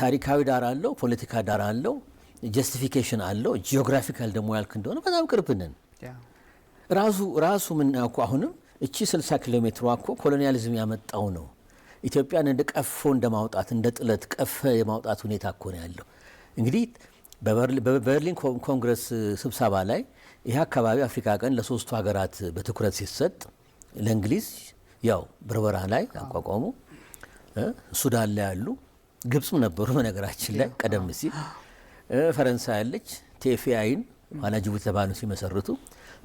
ታሪካዊ ዳራ አለው፣ ፖለቲካ ዳራ አለው፣ ጀስቲፊኬሽን አለው። ጂኦግራፊካል ደግሞ ያልክ እንደሆነ በጣም ቅርብ ነን። ራሱ ራሱ ምናውቁ አሁንም እቺ 60 ኪሎ ሜትሯ እኮ ኮሎኒያሊዝም ያመጣው ነው። ኢትዮጵያን እንደ ቀፎ እንደማውጣት እንደ ጥለት ቀፈ የማውጣት ሁኔታ እኮ ነው ያለው። እንግዲህ በበርሊን ኮንግረስ ስብሰባ ላይ ይህ አካባቢ አፍሪካ ቀን ለሶስቱ ሀገራት በትኩረት ሲሰጥ ለእንግሊዝ ያው በርበራ ላይ አቋቋሙ፣ ሱዳን ላይ ያሉ ግብፅም ነበሩ በነገራችን ላይ ቀደም ሲል ፈረንሳይ አለች። ቴፊአይን ኋላ ጅቡቲ ተባሉ ሲመሰርቱ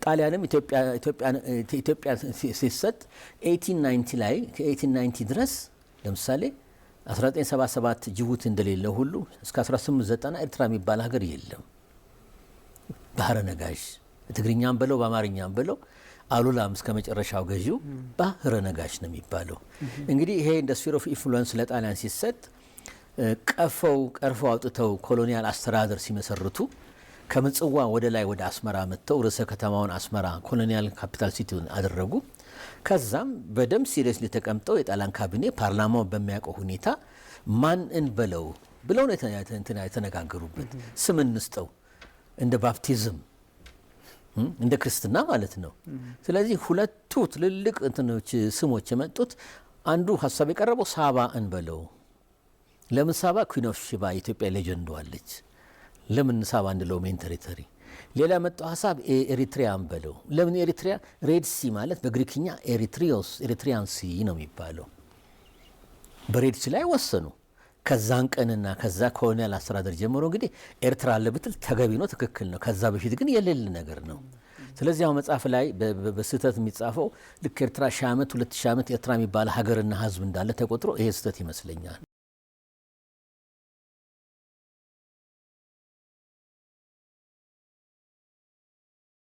ጣሊያንም ኢትዮጵያ ሲሰጥ 1890 ላይ ከ1890 ድረስ ለምሳሌ 1977 ጅቡቲ እንደሌለ ሁሉ እስከ 1890 ኤርትራ የሚባል ሀገር የለም። ባህረ ነጋሽ ትግርኛም በለው በአማርኛም በለው አሉላም እስከ መጨረሻው ገዢው ባህረ ነጋሽ ነው የሚባለው። እንግዲህ ይሄ ኢንዱስትሪ ኦፍ ኢንፍሉዌንስ ለጣሊያን ሲሰጥ ቀፈው ቀርፈው አውጥተው ኮሎኒያል አስተዳደር ሲመሰርቱ ከምጽዋ ወደ ላይ ወደ አስመራ መጥተው ርዕሰ ከተማውን አስመራ ኮሎኒያል ካፒታል ሲቲ አደረጉ። ከዛም በደም ሲሪየስሊ ተቀምጠው የጣሊያን ካቢኔ ፓርላማውን በሚያውቀው ሁኔታ ማን እንበለው ብለው ነው የተነጋገሩበት። ስም እንስጠው እንደ ባፕቲዝም እንደ ክርስትና ማለት ነው። ስለዚህ ሁለቱ ትልልቅ እንትኖች ስሞች የመጡት አንዱ ሀሳብ የቀረበው ሳባ እንበለው ሳባ ኩን ኦፍ ሺባ ኢትዮጵያ ሌጀንድ ዋለች። ለምን ሳባ እንለው ሜን ቴሪተሪ። ሌላ መጣው ሀሳብ ኤሪትሪያ እንበለው። ለምን ኤሪትሪያ? ሬድ ሲ ማለት በግሪክኛ ኤሪትሪዮስ ኤሪትሪያን ሲ ነው የሚባለው። በሬድ ሲ ላይ ወሰኑ። ከዛን ቀንና ከዛ ኮሎኒያል አስተዳደር ጀምሮ እንግዲህ ኤርትራ አለ ብትል ተገቢ ነው፣ ትክክል ነው። ከዛ በፊት ግን የሌለ ነገር ነው። ስለዚህ አሁን መጽሐፍ ላይ በስህተት የሚጻፈው ልክ ኤርትራ ሺህ ዓመት ሁለት ሺህ ዓመት ኤርትራ የሚባለ ሀገርና ሕዝብ እንዳለ ተቆጥሮ ይሄ ስህተት ይመስለኛል።